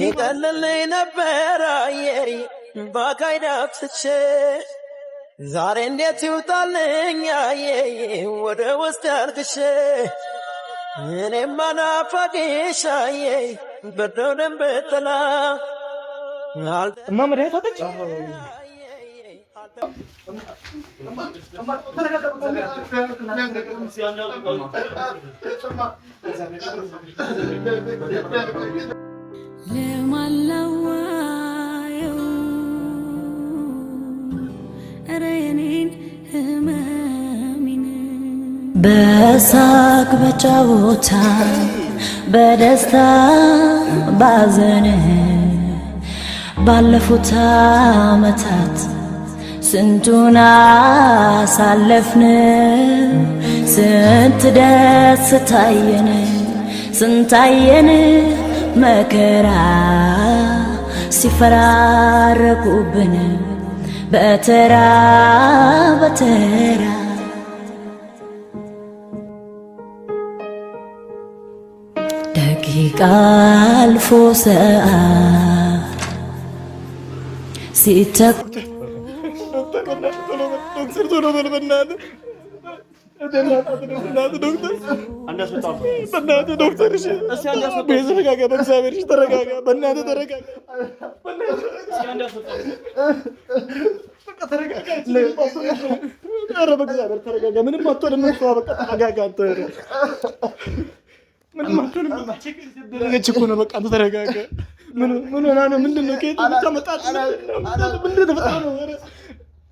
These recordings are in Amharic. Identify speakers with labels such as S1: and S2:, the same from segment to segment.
S1: ሊቀለለ የነበረ አየሪ ባካይዳፍትቼ ዛሬ እንዴት ይውጣልኝ አየዬ ወደ ውስጥ ያልክሼ እኔ ናፋቅሽ አየይ በደው ደንብ ጥላ
S2: እማ መድኃኒት አጠጭ ለማላዋየው
S1: እረ የኔን ህመሜን በሳቅ በጨዋታ በደስታ ባዘን ባለፉት ዓመታት ስንቱን አሳለፍን፣ ስንት ደስ ታየን፣ ስንታየን መከራ ሲፈራረቁብን በተራ በተራ ደቂቃ አልፎ ሰዓት ሲተኩ
S2: ካንሰር ቶሎ በል በእናትህ በእናትህ ዶክተር እሺ፣ ተረጋጋ። በእግዚአብሔር ተረጋጋ። በእናትህ ተረጋጋ። ኧረ በእግዚአብሔር ተረጋጋ። ምንም አትሆንም። በቃ ተረጋጋ። ምንም እኮ ነው። በቃ ተረጋጋ። ምን ሆና ነው? ምንድን ነው? ከየት ነው?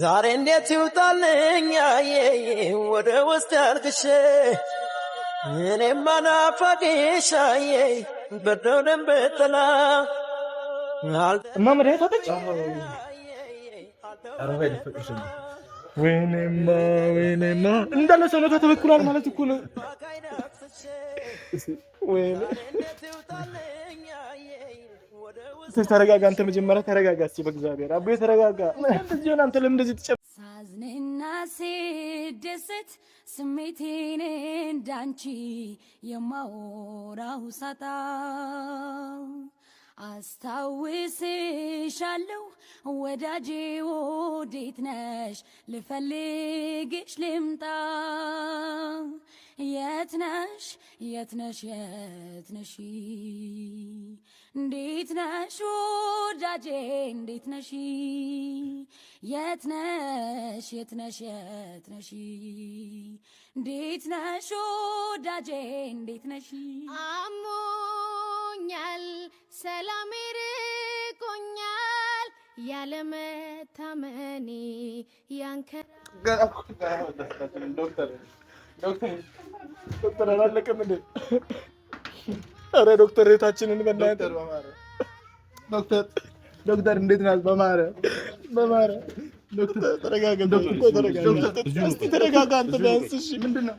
S2: ዛሬ እንዴት ይውጣልኝ አየይ ወደ ውስጥ አልቅሼ እኔ ናፋቂሽ በደው ደንብ ጥላ ወይኔማ ወይኔማ እንዳለ ሰውነቷ ተበክሏል ማለት እኮ ነው። ተረጋጋ። አንተ መጀመሪያ ተረጋጋ እስኪ በእግዚአብሔር አቡ ተረጋጋ። እንደዚህ ሆነ አንተ ለምን እንደዚህ ትጨብ ሳዝንና ስደሰት ስሜቴን እንዳንቺ የማወራሁ ሳጣው አስታውስሻለሁ ወዳጄ ወዴት ነሽ? ልፈልግሽ ልምጣ የት ነሽ የት ነሽ የት ነሽ እንዴት ነሽ ወዳጄ እንዴት ነሽ የት ነሽ የት ነሽ የት ነሽ እንዴት ነሽ ወዳጄ እንዴት ነሽ ርቆኛል ሰላም ርቆኛል ያለመታመኔ ያንከ ዶክተር ዶክተር አላለቀም እንዴ? ኧረ ዶክተር እህታችንን በእናትህ ዶክተር እንዴት ናት? በማረ በማረ ተረጋጋ። ተረጋጋ። ተረጋጋ። ቢያንስ ምንድን ነው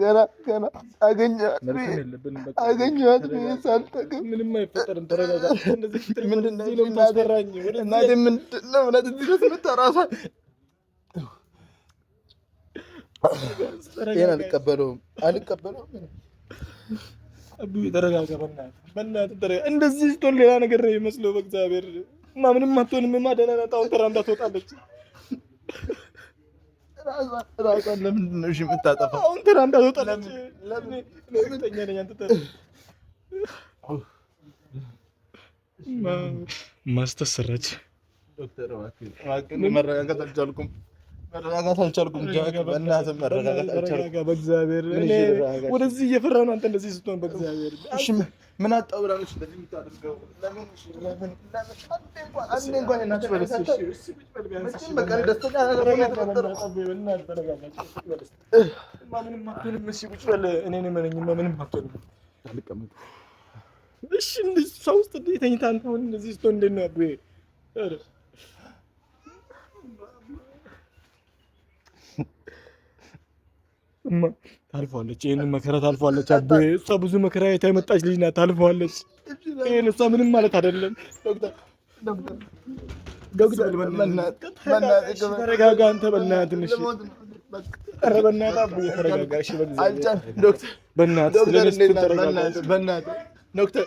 S2: ገና ገና አገኘኋት ሳልጠግብ ምንም አይፈጠርም። ተረጋጋ። ምንድን አልቀበለውም አልቀበለውም። ተረጋጋ፣ በእናትህ እንደዚህ ስትሆን ሌላ ነገር ነው የሚመስለው። በእግዚአብሔር ምንም አትሆንም። ደህና ናት። አሁን ትወጣለች። ራሷን ለምንድን ነው እሺ የምታጠፋው? አሁን ተራ እንዳትወጣለች። እርግጠኛ ነኝ
S3: መረጋጋት አልቻልኩም፣ መረጋጋት አልቻልኩም።
S2: በእናትህ መረጋጋት አልቻልኩም። በእግዚአብሔር ወደዚህ እየፈራሁ ነው አንተ እንደዚህ ስትሆን በእግዚአብሔር ምን አጣሁ ብላ ነች እንደዚህ የምታደርገው? ለምን ለምን ለምን አንዴ እንኳን አንዴ እንኳን እናት በለሰች። እሺ እሺ እሺ እማ ታልፈዋለች። ይህንን መከራ ታልፈዋለች። አቤ እሷ ብዙ መከራ የታ የመጣች ልጅ ናት። ታልፈዋለች። ይህን እሷ ምንም ማለት አይደለም። ተረጋጋ አንተ በእናትህ እሺ። ኧረ በእናትህ አቡ ተረጋጋ በናት በእናትህ ስለሚስቱ ተረጋጋ ዶክተር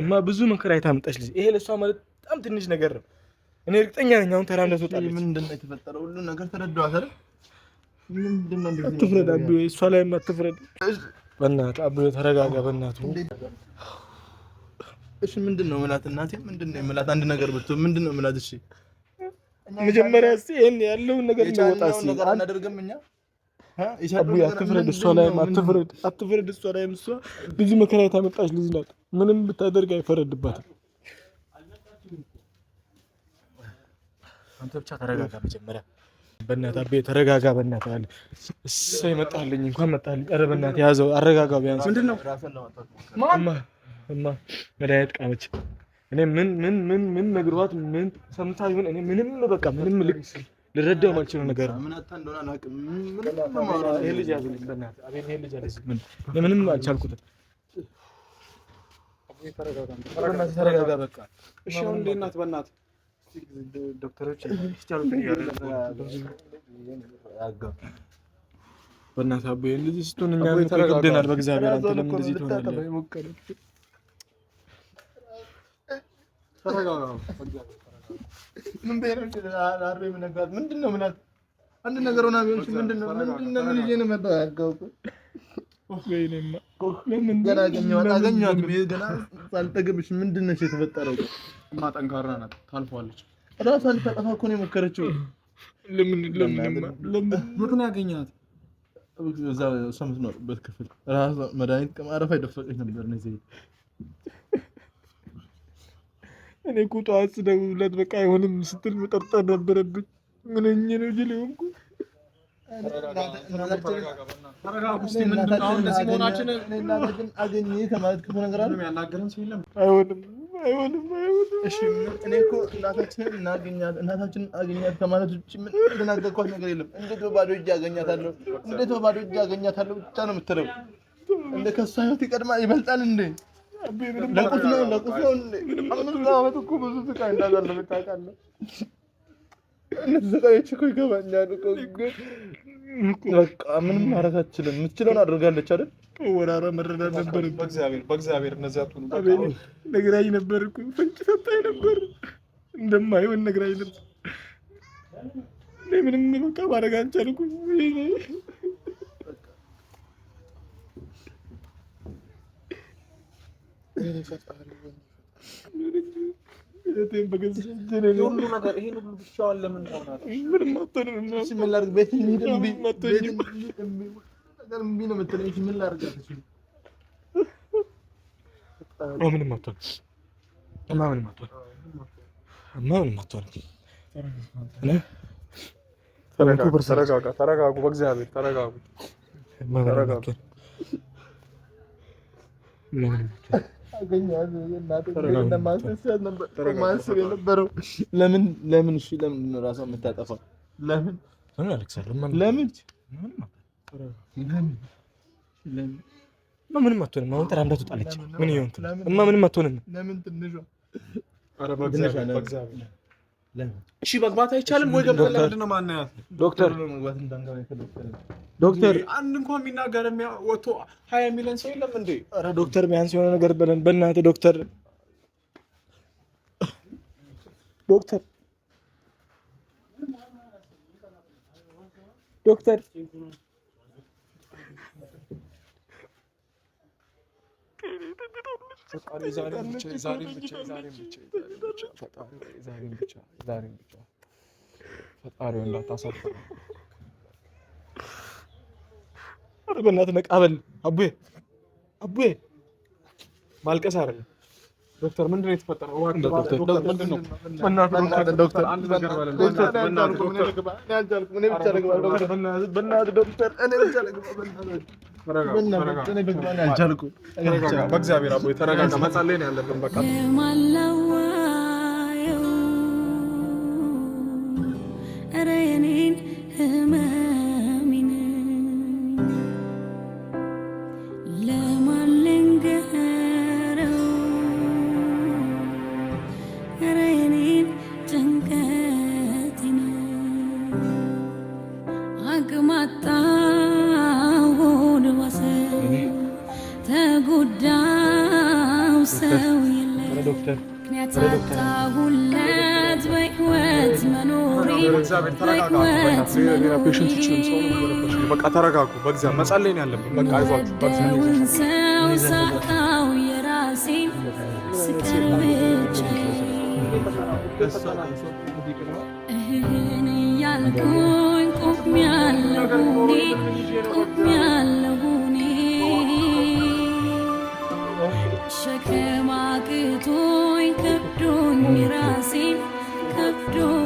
S2: እማ ብዙ መከራ የታመጣች ልጅ ይሄ ለእሷ ማለት በጣም ትንሽ ነገር ነው። እኔ እርግጠኛ ነኝ አሁን ተራ እንደትወጣለች። ምንድን ነው የተፈጠረው? ሁሉ ነገር ተረዳኋት አትፍረድ አብ፣ እሷ አትፍረድ። በእናትህ ተረጋጋ። በእናትህ እሺ፣ ምንድን ነው የምላት? እናቴ ምንድን ነው የምላት? አንድ ነገር ብትሆን ምንድን ነው የምላት? እሺ፣ መጀመሪያ እስኪ ይሄን ያለውን ነገር እስኪ አናደርግም እኛ አቡዬ አትፍረድ፣ እሷ ላይም አትፍረድ፣ አትፍረድ እሷ ላይም። እሷ መከራ የታመጣች ልጅ ናት። ምንም ብታደርግ አይፈረድባትም። አንተ ብቻ ተረጋጋ። መጀመሪያ በእናትህ አቤ ተረጋጋ። በእናትህ አለ እሰይ፣ ይመጣልኝ እንኳን መጣልኝ። ኧረ በእናትህ ያዘው፣ አረጋጋ። ቢያንስ ምንድን ነው እማ እማ መድኃኒት ቃመች። እኔ ምን ምን ምን ምን ነግሯት ምን ሰምታ ይሁን እኔ ምንም በቃ ምንም ልክ ልረዳው ማልችል ነገር ምንም አልቻልኩትም። ተረጋጋ በቃ እሺ። አሁን እንዴት ናት? በእናትህ በእናትህ አቦ ስትሆን እኛ በእግዚአብሔር አንተ ለምን እንደዚህ ትሆናለህ? ምን በይረሽ አሬ አንድ ነገር ሆና ቢሆን ምንድን ነው? ምን ይዤ ነው መጣሁ ያልከው እኮ ምንድን ነሽ የተፈጠረው? እማ ጠንካራ ናት፣ ታልፈዋለች። እራሷን ልታጠፋ እኮ ነው የሞከረችው። ለምን ለምን ያገኘኋት እዛ እሷ የምትኖርበት ክፍል እራሷ መድኃኒት ቀማረፋ የደፈቀች ነበር ነው እኔ እኮ ጠዋት በቃ አይሆንም ስትል መጠርጠር ነበረብኝ። ምንኝ ነው ጅል ሆንኩ። አይሆንም አይሆንም እናታችንን አገኛት ከማለት ውጭ ምን የተናገርኳት ነገር የለም። እንዴት በባዶ እጅ አገኛታለሁ፣ እንዴት በባዶ እጅ አገኛታለሁ ብቻ ነው የምትለው። እንደ ከሷ ህይወት ይቀድማል ይበልጣል እንዴ? ለቁስ ነው ለቁስ ነው። አምስት ይገባኛል። በቃ ምንም ማድረግ አትችልም። የምትችለውን አድርጋለች አይደል? ወራራ መረዳት ነበር። በእግዚአብሔር ነግራኝ ነበር እኮ ፍንጭ ሰጣኝ ነበር እንደማይሆን ነግራኝ ነበር። ምንም በቃ ማድረግ አልቻልኩም። ተረጋጋ፣ ተረጋጉ። በእግዚአብሔር ተረጋጉ። ማሰብ የነበረው ለምን ለምን እሺ፣ ለምንድን ለምን ለምን ለምን ምንም አትሆንም። አሁን ጥራ ትወጣለች። ምን ይሆን እማ? ምንም አትሆንም። ለምን ትንሿ እሺ መግባት አይቻልም ወይ? ገብተን ለምንድን ነው ማናያት? ዶክተር ዶክተር አንድ እንኳ የሚናገር ወጥቶ ሀያ የሚለን ሰው የለም እንዴ? ኧረ ዶክተር ቢያንስ የሆነ ነገር በለን በእናትህ ዶክተር ዶክተር ዶክተር ፈጣሪ እንዳታሳፍር። ኧረ በእናትህ ነቃ አቡዬ፣ አቡዬ ማልቀስ አይደለም። ዶክተር ምንድን ነው የተፈጠረው? ዶክተር በእግዚአብሔር አቦ ተረጋጋ። መጸለይ ነው ያለብን በቃ በቃ ተረጋጉ። በእግዚአብሔር መጸለይ ነው ያለብን። በቃ አይዟችሁ። እህን እያልኩኝ ቆሜያለሁ እኔ ሸክም አቅቶኝ ከብዶኝ ራሴን ከብዶኝ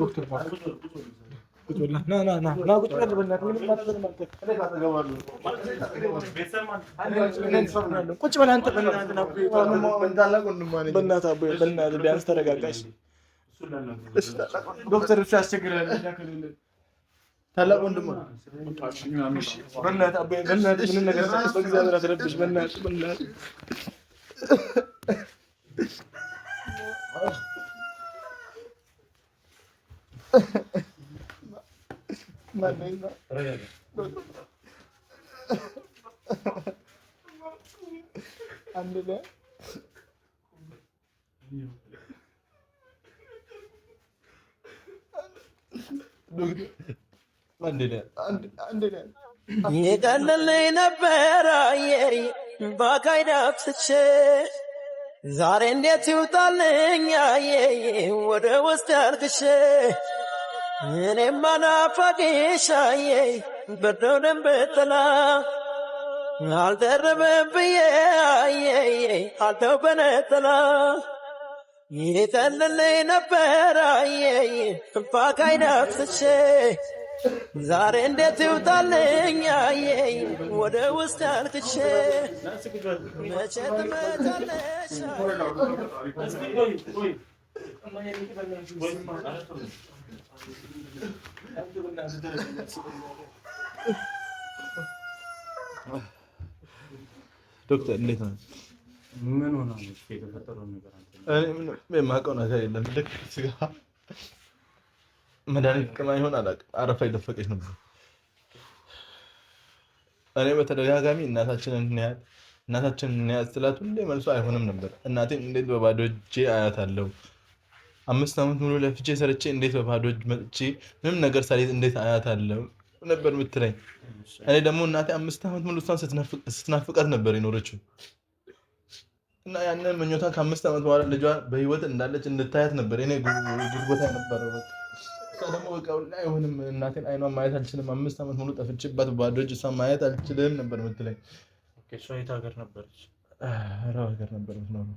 S2: ዶክተር ና ና ና ና ቁጭ በል በእናትህ አንተ በእናትህ ቢያንስ ተረጋጋሽ ዶክተር ብቻ ያስቸግራል ታላቅ ወንድም በእናትህ ምንም ነገር በእግዚአብሔር አትረብሽ በእናትህ በእናትህ የቀለለኝ ነበረ ባካይዳፍስቼ ዛሬ እንዴት ይውጣልኝ ወደ ውስጥ ያልቅሼ እኔ ናፈቅሻዬ በደውደን በጥላ አልደረበም ብዬ አየዬ አልተው በነጥላ ይጠልልኝ ነበር አየዬ እንፋቅ አይናፍስቼ ዛሬ እንዴት ይውጣልኝ አየዬ ወደ ውስጥ አልክቼ መቼ ትመጫለሽ ዶክተር እንዴት ነው? ምን ሆነ? የተፈጠረው ነገር የማውቀው ነገር የለም። ልክ ስጋ መድኃኒት ቅማ ይሆን አላውቅም። አረፋ የደፈቀች ነበር። እኔ በተደጋጋሚ እናታችንን እንያት እናታችንን እንያት ስላት ሁሌ መልሶ አይሆንም ነበር። እናቴን እንዴት በባዶ እጄ አያታለሁ አምስት ዓመት ሙሉ ለፍቼ ሰርቼ እንዴት በባዶ እጅ መጥቼ ምንም ነገር ሳልይዝ እንዴት አያታለሁ ነበር የምትለኝ። እኔ ደግሞ እናቴ አምስት ዓመት ሙሉ እሷን ስትናፍቃት ነበር የኖረችው እና ያንን ምኞቷን ከአምስት ዓመት በኋላ ልጇ በህይወት እንዳለች እንድታያት ነበር የእኔ ጉጉት ነበረ። ደግሞ በቃ ሁላ አይሆንም፣ እናቴን አይኗን ማየት አልችልም፣ አምስት ዓመት ሙሉ ጠፍቼባት ባዶ እጅ እሷን ማየት አልችልም ነበር የምትለኝ።
S3: እሷ የት ሀገር ነበረች?
S2: አረብ ሀገር ነበር የምትኖረው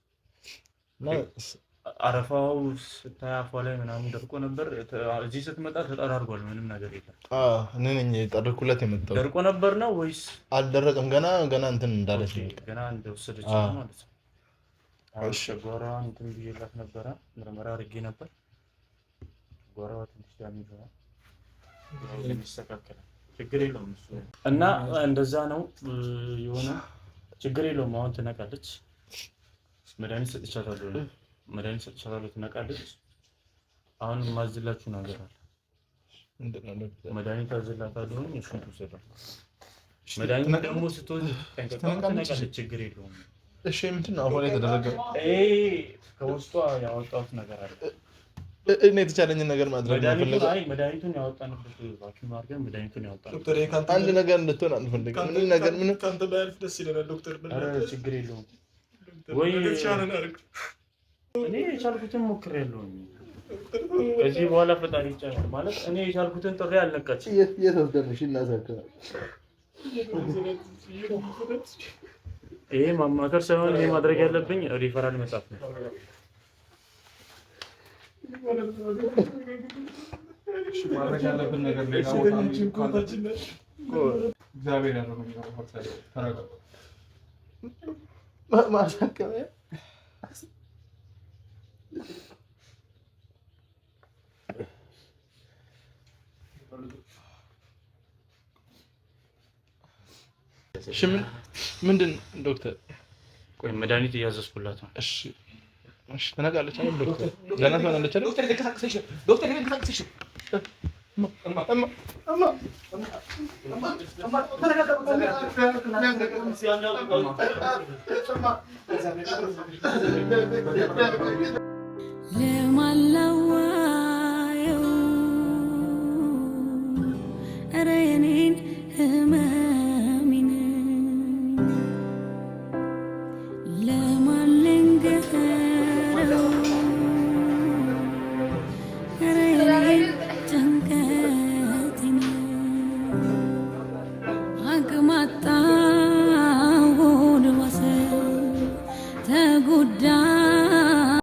S3: አረፋው ስታይ ላይ ምናምን ደርቆ ነበር። እዚህ ስትመጣ ተጠራርጓል። ምንም ነገር የለም።
S2: እኔ ነኝ ጠርኩለት የመጣው ደርቆ ነበር ነው ወይስ አልደረቀም? ገና ገና እንትን እንዳለች ገና እንደወሰደች ማለት
S3: ነው። ሸጓራ እንትን ብዬላት ነበረ፣ ምርመራ አድርጌ ነበር። ጓራ ትንሽ ዳሜጅ ሆኗል፣ ይስተካከላል። ችግር የለውም እና እንደዛ ነው የሆነ ችግር የለውም። አሁን ትነቃለች። መድኃኒት ሰጥቻታለሁ መድኃኒት ሰጥቻታለሁ ትነቃለች። አሁን ማዝላችሁ ነገር አለ። መድኃኒት አዝላታለሁ እሱን ትውሰዳ መድኃኒት ደግሞ ስትወስድ ትነቃለች፣ ችግር የለውም።
S2: እሺ ምንድን ነው አሁን የተደረገው?
S3: ከውስጧ ያወጣሁት ነገር አለ።
S2: እኔ የተቻለኝን ነገር
S3: ማድረግ ፈልገ መድኃኒቱን ያወጣንበት ቫኪም
S2: አንድ ነገር እንድትሆን አንፈልግም። ምንም ነገር ምንም ደስ ይለናል ዶክተር።
S3: ችግር የለውም። እኔ የቻልኩትን ሞክሬያለሁ። ከዚህ በኋላ ፈጣሪ ይቻላል ማለት እኔ የቻልኩትን ጥሪ አልነቃች ይሄ ማማከር ሳይሆን ይሄ ማድረግ ያለብኝ ሪፈራል መጻፍ ነው።
S2: ማድረግ ማሳከሚያ ምንድን ዶክተር
S3: ቆይ መድኃኒት እያዘዝኩላት ነው።
S2: እሺ እሺ፣ ተነቃለች። ዶክተር ገና ትሆናለች። ዶክተር no no no